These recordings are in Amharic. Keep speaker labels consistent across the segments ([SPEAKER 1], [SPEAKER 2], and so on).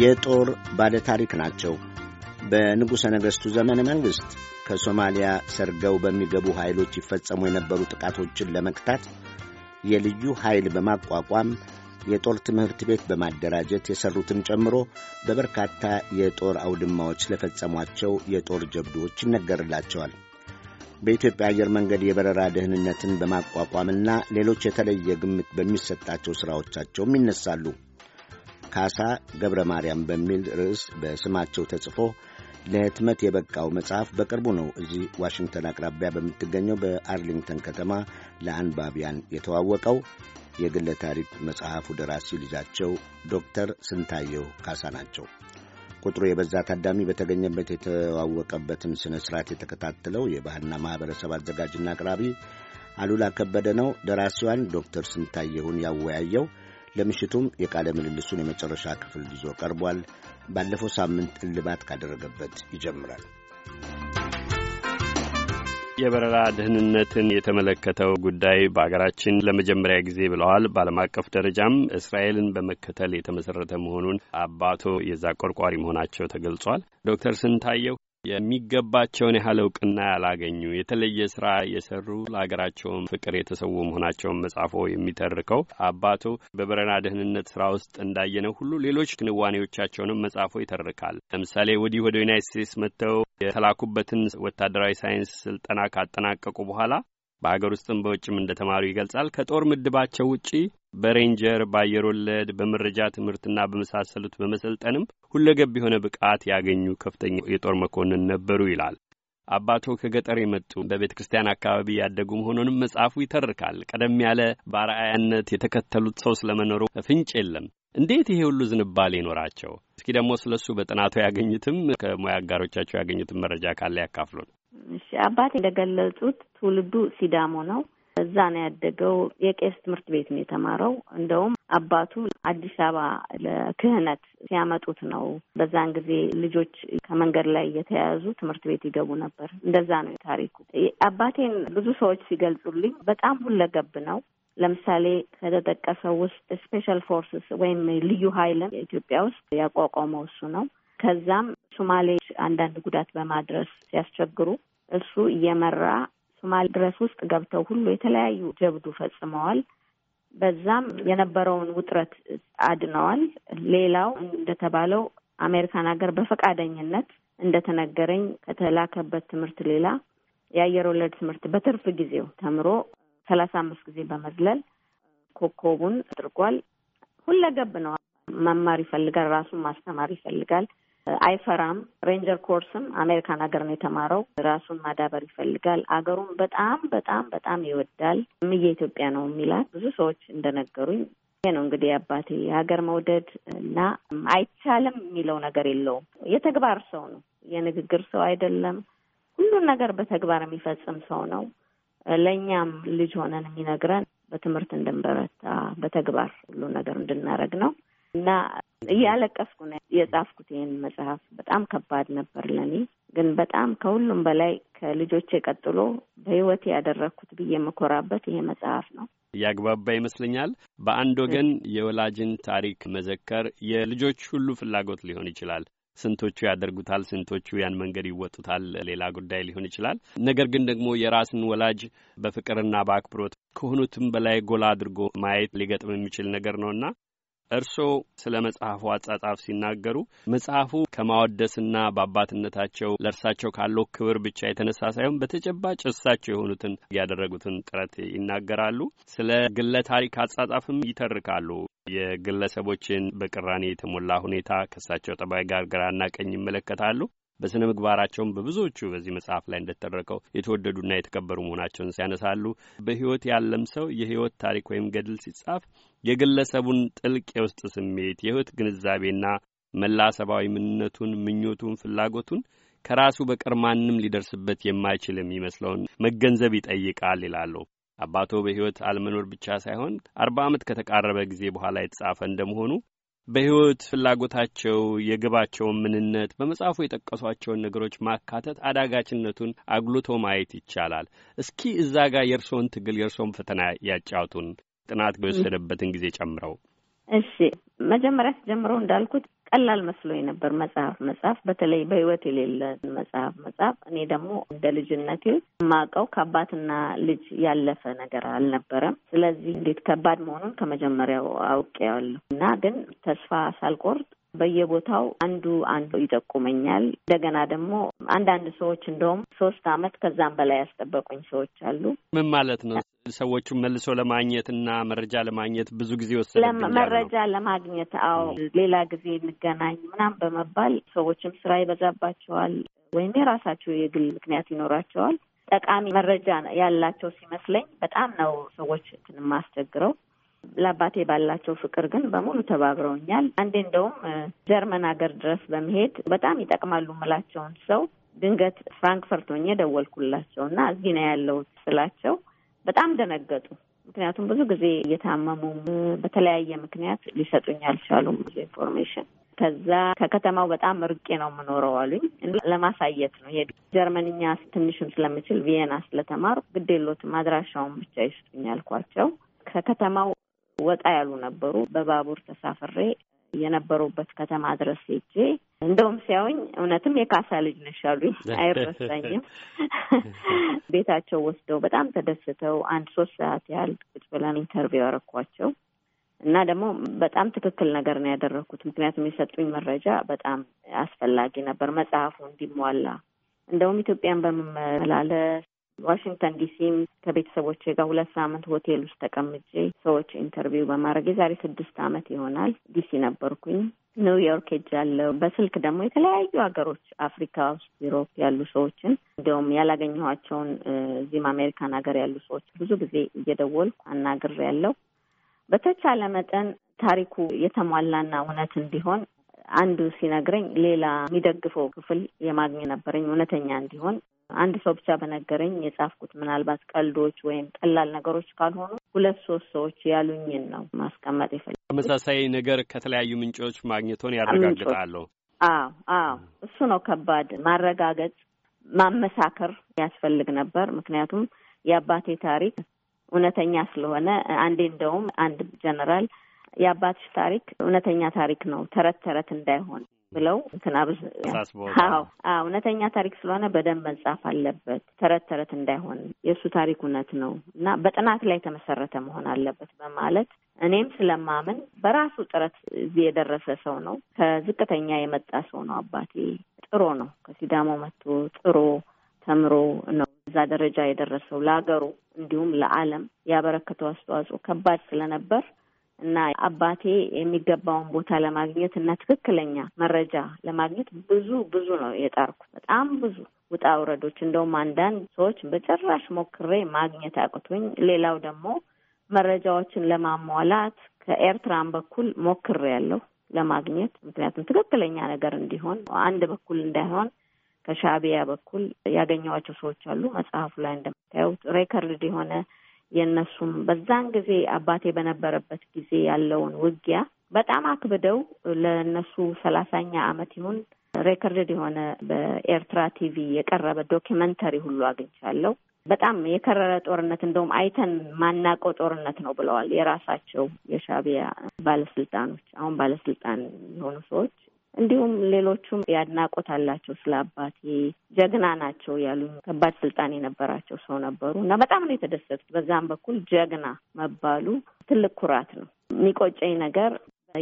[SPEAKER 1] የጦር ባለታሪክ ናቸው። በንጉሠ ነገሥቱ ዘመነ መንግሥት ከሶማሊያ ሰርገው በሚገቡ ኃይሎች ይፈጸሙ የነበሩ ጥቃቶችን ለመክታት የልዩ ኃይል በማቋቋም የጦር ትምህርት ቤት በማደራጀት የሠሩትን ጨምሮ በበርካታ የጦር አውድማዎች ለፈጸሟቸው የጦር ጀብዶዎች ይነገርላቸዋል። በኢትዮጵያ አየር መንገድ የበረራ ደህንነትን በማቋቋምና ሌሎች የተለየ ግምት በሚሰጣቸው ሥራዎቻቸውም ይነሳሉ። ካሳ ገብረ ማርያም በሚል ርዕስ በስማቸው ተጽፎ ለህትመት የበቃው መጽሐፍ በቅርቡ ነው እዚህ ዋሽንግተን አቅራቢያ በምትገኘው በአርሊንግተን ከተማ ለአንባቢያን የተዋወቀው። የግለ ታሪክ መጽሐፉ ደራሲ ልጃቸው ዶክተር ስንታየው ካሳ ናቸው። ቁጥሩ የበዛ ታዳሚ በተገኘበት የተዋወቀበትን ሥነ ሥርዓት የተከታተለው የባህልና ማኅበረሰብ አዘጋጅና አቅራቢ አሉላ ከበደ ነው። ደራሲዋን ዶክተር ስንታየሁን ያወያየው ለምሽቱም የቃለ ምልልሱን የመጨረሻ ክፍል ይዞ ቀርቧል። ባለፈው ሳምንት እልባት ካደረገበት ይጀምራል።
[SPEAKER 2] የበረራ ደህንነትን የተመለከተው ጉዳይ በሀገራችን ለመጀመሪያ ጊዜ ብለዋል። በዓለም አቀፍ ደረጃም እስራኤልን በመከተል የተመሰረተ መሆኑን አባቶ የዛ ቆርቋሪ መሆናቸው ተገልጿል። ዶክተር ስንታየው የሚገባቸውን ያህል እውቅና ያላገኙ የተለየ ስራ የሰሩ ለሀገራቸውም ፍቅር የተሰዉ መሆናቸውን መጻፎ የሚተርከው አባቶ በበረና ደህንነት ስራ ውስጥ እንዳየነው ሁሉ ሌሎች ክንዋኔዎቻቸውንም መጻፎ ይተርካል። ለምሳሌ ወዲህ ወደ ዩናይት ስቴትስ መጥተው የተላኩበትን ወታደራዊ ሳይንስ ስልጠና ካጠናቀቁ በኋላ በአገር ውስጥም በውጭም እንደ ይገልጻል። ከጦር ምድባቸው ውጪ በሬንጀር በአየር ወለድ በመረጃ ትምህርትና በመሳሰሉት በመሰልጠንም ሁለገብ የሆነ ብቃት ያገኙ ከፍተኛ የጦር መኮንን ነበሩ ይላል። አባቶ ከገጠር የመጡ በቤተ ክርስቲያን አካባቢ ያደጉ መሆኑንም መጽሐፉ ይተርካል። ቀደም ያለ ባርአያነት የተከተሉት ሰው ስለመኖሩ ፍንጭ የለም። እንዴት ይሄ ሁሉ ዝንባሌ ይኖራቸው? እስኪ ደግሞ ስለ እሱ በጥናቱ ያገኙትም ከሙያ አጋሮቻቸው ያገኙትም መረጃ ካለ ያካፍሉን። እሺ
[SPEAKER 3] አባቴ እንደገለጹት ትውልዱ ሲዳሞ ነው። እዛ ነው ያደገው። የቄስ ትምህርት ቤት ነው የተማረው። እንደውም አባቱ አዲስ አበባ ለክህነት ሲያመጡት ነው። በዛን ጊዜ ልጆች ከመንገድ ላይ እየተያያዙ ትምህርት ቤት ይገቡ ነበር። እንደዛ ነው ታሪኩ። አባቴን ብዙ ሰዎች ሲገልጹልኝ በጣም ሁለገብ ነው። ለምሳሌ ከተጠቀሰው ውስጥ ስፔሻል ፎርስስ ወይም ልዩ ኃይልን ኢትዮጵያ ውስጥ ያቋቋመው እሱ ነው። ከዛም ሶማሌ አንዳንድ ጉዳት በማድረስ ሲያስቸግሩ እሱ እየመራ ሶማል ድረስ ውስጥ ገብተው ሁሉ የተለያዩ ጀብዱ ፈጽመዋል። በዛም የነበረውን ውጥረት አድነዋል። ሌላው እንደተባለው አሜሪካን ሀገር በፈቃደኝነት እንደተነገረኝ ከተላከበት ትምህርት ሌላ የአየር ወለድ ትምህርት በትርፍ ጊዜው ተምሮ ሰላሳ አምስት ጊዜ በመዝለል ኮከቡን አድርጓል። ሁለገብ ነው። መማር ይፈልጋል፣ ራሱን ማስተማር ይፈልጋል። አይፈራም። ሬንጀር ኮርስም አሜሪካን ሀገር ነው የተማረው። ራሱን ማዳበር ይፈልጋል። አገሩን በጣም በጣም በጣም ይወዳል። ምየ ኢትዮጵያ ነው የሚላት ብዙ ሰዎች እንደነገሩኝ። ይሄ ነው እንግዲህ አባቴ የሀገር መውደድ እና አይቻልም የሚለው ነገር የለውም። የተግባር ሰው ነው፣ የንግግር ሰው አይደለም። ሁሉን ነገር በተግባር የሚፈጽም ሰው ነው። ለእኛም ልጅ ሆነን የሚነግረን በትምህርት እንድንበረታ በተግባር ሁሉን ነገር እንድናደርግ ነው እና እያለቀስኩ ነው የጻፍኩት ይህን መጽሐፍ። በጣም ከባድ ነበር ለእኔ። ግን በጣም ከሁሉም በላይ ከልጆቼ ቀጥሎ በህይወት ያደረግኩት ብዬ የምኮራበት ይሄ መጽሐፍ ነው።
[SPEAKER 2] ያግባባ ይመስለኛል። በአንድ ወገን የወላጅን ታሪክ መዘከር የልጆች ሁሉ ፍላጎት ሊሆን ይችላል። ስንቶቹ ያደርጉታል፣ ስንቶቹ ያን መንገድ ይወጡታል፣ ሌላ ጉዳይ ሊሆን ይችላል። ነገር ግን ደግሞ የራስን ወላጅ በፍቅርና በአክብሮት ከሆኑትም በላይ ጎላ አድርጎ ማየት ሊገጥም የሚችል ነገር ነውና እርስዎ ስለ መጽሐፉ አጻጻፍ ሲናገሩ መጽሐፉ ከማወደስና በአባትነታቸው ለእርሳቸው ካለው ክብር ብቻ የተነሳ ሳይሆን በተጨባጭ እሳቸው የሆኑትን ያደረጉትን ጥረት ይናገራሉ። ስለ ግለ ታሪክ አጻጻፍም ይተርካሉ። የግለሰቦችን በቅራኔ የተሞላ ሁኔታ ከእሳቸው ጠባይ ጋር ግራና ቀኝ ይመለከታሉ። በሥነ ምግባራቸውም በብዙዎቹ በዚህ መጽሐፍ ላይ እንደተደረቀው የተወደዱና የተከበሩ መሆናቸውን ሲያነሳሉ በሕይወት ያለም ሰው የሕይወት ታሪክ ወይም ገድል ሲጻፍ የግለሰቡን ጥልቅ የውስጥ ስሜት የሕይወት ግንዛቤና መላ ሰብአዊ ምንነቱን፣ ምኞቱን፣ ፍላጎቱን ከራሱ በቀር ማንም ሊደርስበት የማይችል የሚመስለውን መገንዘብ ይጠይቃል ይላሉ። አባቶ በሕይወት አለመኖር ብቻ ሳይሆን አርባ ዓመት ከተቃረበ ጊዜ በኋላ የተጻፈ እንደመሆኑ በሕይወት ፍላጎታቸው የግባቸውን ምንነት በመጽሐፉ የጠቀሷቸውን ነገሮች ማካተት አዳጋችነቱን አጉልቶ ማየት ይቻላል። እስኪ እዛ ጋር የእርስዎን ትግል የእርስዎን ፈተና ያጫውቱን ጥናት በወሰደበትን ጊዜ ጨምረው።
[SPEAKER 3] እሺ መጀመሪያ ጀምሮ እንዳልኩት ቀላል መስሎኝ ነበር መጽሐፍ መጽሐፍ በተለይ በህይወት የሌለ መጽሐፍ መጽሐፍ። እኔ ደግሞ እንደ ልጅነት የማውቀው ከአባትና ልጅ ያለፈ ነገር አልነበረም። ስለዚህ እንዴት ከባድ መሆኑን ከመጀመሪያው አውቄዋለሁ እና ግን ተስፋ ሳልቆርጥ በየቦታው አንዱ አንዱ ይጠቁመኛል። እንደገና ደግሞ አንዳንድ ሰዎች እንደውም ሶስት አመት ከዛም በላይ ያስጠበቁኝ ሰዎች አሉ።
[SPEAKER 2] ምን ማለት ነው? ሰዎቹን መልሶ ለማግኘትና መረጃ ለማግኘት ብዙ ጊዜ ወሰደ። መረጃ
[SPEAKER 3] ለማግኘት አዎ፣ ሌላ ጊዜ እንገናኝ ምናምን በመባል ሰዎችም ስራ ይበዛባቸዋል፣ ወይም የራሳቸው የግል ምክንያት ይኖራቸዋል። ጠቃሚ መረጃ ያላቸው ሲመስለኝ በጣም ነው ሰዎች እንትን የማስቸግረው። ለአባቴ ባላቸው ፍቅር ግን በሙሉ ተባብረውኛል። አንዴ እንደውም ጀርመን ሀገር ድረስ በመሄድ በጣም ይጠቅማሉ ምላቸውን ሰው ድንገት ፍራንክፈርት ሆኜ ደወልኩላቸው እና እዚህ ነው ያለው ስላቸው በጣም ደነገጡ። ምክንያቱም ብዙ ጊዜ እየታመሙም በተለያየ ምክንያት ሊሰጡኝ አልቻሉም ኢንፎርሜሽን። ከዛ ከከተማው በጣም ርቄ ነው የምኖረው አሉኝ። ለማሳየት ነው ሄዱ። ጀርመንኛ ትንሽም ስለምችል ቪየና ስለተማሩ ግዴሎት ማድራሻውን ብቻ ይስጡኝ አልኳቸው። ከከተማው ወጣ ያሉ ነበሩ። በባቡር ተሳፍሬ የነበሩበት ከተማ ድረስ ሄጄ እንደውም ሲያዩኝ እውነትም የካሳ ልጅ ነሽ አሉኝ። አይረሳኝም። ቤታቸው ወስደው በጣም ተደስተው አንድ ሶስት ሰዓት ያህል ቁጭ ብለን ኢንተርቪው ያረኳቸው እና ደግሞ በጣም ትክክል ነገር ነው ያደረግኩት። ምክንያቱም የሰጡኝ መረጃ በጣም አስፈላጊ ነበር፣ መጽሐፉ እንዲሟላ እንደውም ኢትዮጵያን በመመላለስ ዋሽንግተን ዲሲም ከቤተሰቦቼ ጋር ሁለት ሳምንት ሆቴል ውስጥ ተቀምጬ ሰዎች ኢንተርቪው በማድረግ የዛሬ ስድስት አመት ይሆናል ዲሲ ነበርኩኝ። ኒውዮርክ ሄጃለሁ። በስልክ ደግሞ የተለያዩ ሀገሮች አፍሪካ ውስጥ፣ ዩሮፕ ያሉ ሰዎችን እንዲሁም ያላገኘኋቸውን እዚህም አሜሪካን ሀገር ያሉ ሰዎች ብዙ ጊዜ እየደወልኩ አናግሬያለሁ። በተቻለ መጠን ታሪኩ የተሟላና እውነት እንዲሆን አንዱ ሲነግረኝ ሌላ የሚደግፈው ክፍል የማግኘት ነበረኝ እውነተኛ እንዲሆን አንድ ሰው ብቻ በነገረኝ የጻፍኩት ምናልባት ቀልዶች ወይም ቀላል ነገሮች ካልሆኑ ሁለት ሶስት ሰዎች ያሉኝን ነው ማስቀመጥ ይፈል
[SPEAKER 2] ተመሳሳይ ነገር ከተለያዩ ምንጮች ማግኘቶን ያረጋግጣለሁ።
[SPEAKER 3] አዎ አዎ፣ እሱ ነው ከባድ። ማረጋገጥ ማመሳከር ያስፈልግ ነበር። ምክንያቱም የአባቴ ታሪክ እውነተኛ ስለሆነ አንዴ እንደውም አንድ ጀነራል የአባትሽ ታሪክ እውነተኛ ታሪክ ነው፣ ተረት ተረት እንዳይሆን ብለው ትናብዝ እውነተኛ ታሪክ ስለሆነ በደንብ መጻፍ አለበት። ተረት ተረት እንዳይሆን የእሱ ታሪክ እውነት ነው እና በጥናት ላይ የተመሰረተ መሆን አለበት በማለት እኔም ስለማምን በራሱ ጥረት እዚህ የደረሰ ሰው ነው። ከዝቅተኛ የመጣ ሰው ነው አባቴ። ጥሮ ነው ከሲዳሞ መጥቶ ጥሮ ተምሮ ነው እዛ ደረጃ የደረሰው። ለሀገሩ እንዲሁም ለዓለም ያበረከተው አስተዋጽኦ ከባድ ስለነበር እና አባቴ የሚገባውን ቦታ ለማግኘት እና ትክክለኛ መረጃ ለማግኘት ብዙ ብዙ ነው የጣርኩት። በጣም ብዙ ውጣ ውረዶች፣ እንደውም አንዳንድ ሰዎች በጭራሽ ሞክሬ ማግኘት አቅቶኝ፣ ሌላው ደግሞ መረጃዎችን ለማሟላት ከኤርትራን በኩል ሞክሬ ያለው ለማግኘት ምክንያቱም ትክክለኛ ነገር እንዲሆን አንድ በኩል እንዳይሆን ከሻቢያ በኩል ያገኘኋቸው ሰዎች አሉ። መጽሐፉ ላይ እንደምታዩት ሬከርድ የሆነ የእነሱም በዛን ጊዜ አባቴ በነበረበት ጊዜ ያለውን ውጊያ በጣም አክብደው ለእነሱ ሰላሳኛ አመት ይሁን ሬከርድ የሆነ በኤርትራ ቲቪ የቀረበ ዶኪመንተሪ ሁሉ አግኝቻለሁ። በጣም የከረረ ጦርነት እንደውም አይተን ማናቀው ጦርነት ነው ብለዋል የራሳቸው የሻቢያ ባለስልጣኖች፣ አሁን ባለስልጣን የሆኑ ሰዎች እንዲሁም ሌሎቹም ያድናቆት አላቸው ስለ አባቴ ጀግና ናቸው ያሉ ከባድ ስልጣን የነበራቸው ሰው ነበሩ እና በጣም ነው የተደሰትኩት። በዛም በኩል ጀግና መባሉ ትልቅ ኩራት ነው። የሚቆጨኝ ነገር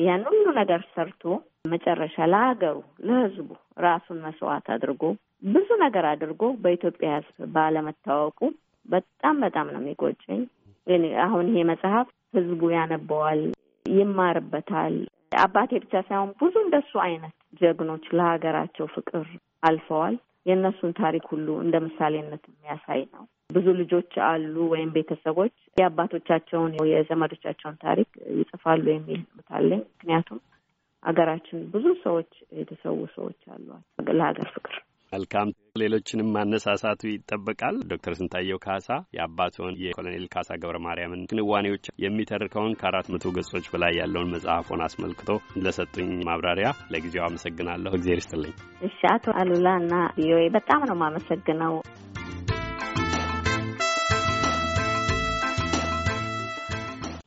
[SPEAKER 3] ያን ሁሉ ነገር ሰርቶ መጨረሻ ለሀገሩ ለህዝቡ ራሱን መስዋዕት አድርጎ ብዙ ነገር አድርጎ በኢትዮጵያ ህዝብ ባለመታወቁ በጣም በጣም ነው የሚቆጨኝ። አሁን ይሄ መጽሐፍ ህዝቡ ያነበዋል፣ ይማርበታል አባቴ ብቻ ሳይሆን ብዙ እንደሱ አይነት ጀግኖች ለሀገራቸው ፍቅር አልፈዋል። የእነሱን ታሪክ ሁሉ እንደ ምሳሌነት የሚያሳይ ነው። ብዙ ልጆች አሉ ወይም ቤተሰቦች የአባቶቻቸውን የዘመዶቻቸውን ታሪክ ይጽፋሉ የሚል እምነት ምክንያቱም ሀገራችን ብዙ ሰዎች የተሰዉ ሰዎች አሏት ለሀገር ፍቅር
[SPEAKER 2] መልካም ሌሎችንም ማነሳሳቱ ይጠበቃል። ዶክተር ስንታየው ካሳ የአባትን የኮሎኔል ካሳ ገብረ ማርያምን ክንዋኔዎች የሚተርከውን ከአራት መቶ ገጾች በላይ ያለውን መጽሐፎን አስመልክቶ ለሰጡኝ ማብራሪያ ለጊዜው አመሰግናለሁ። እግዜር ይስጥልኝ።
[SPEAKER 3] እሺ አቶ አሉላ እና ቪኦኤ በጣም ነው የማመሰግነው።